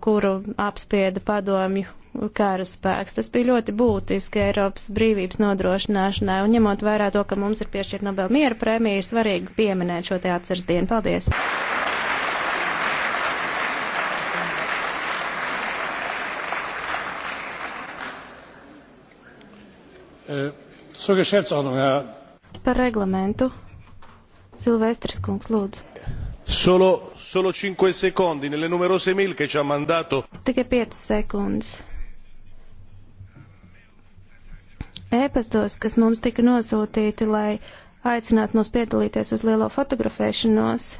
kuru apspieda padomju karaspēks. Tas bija ļoti būtiski Eiropas brīvības nodrošināšanai, un ņemot vērā to, ka mums ir piešķirt Nobel miera prēmija, ir svarīgi pieminēt šo te atceras dienu. Paldies! Zur eh, Geschäftsordnung, Herr. Par reglamentu. Silvestris Kungs, lūdzu. Solo, solo 5 secondi nelle numerose mail che ci ha mandato. Tikai 5 sekundes. Ēpastos, kas mums tika nosūtīti, lai aicinātu mūs piedalīties uz lielo fotografēšanos.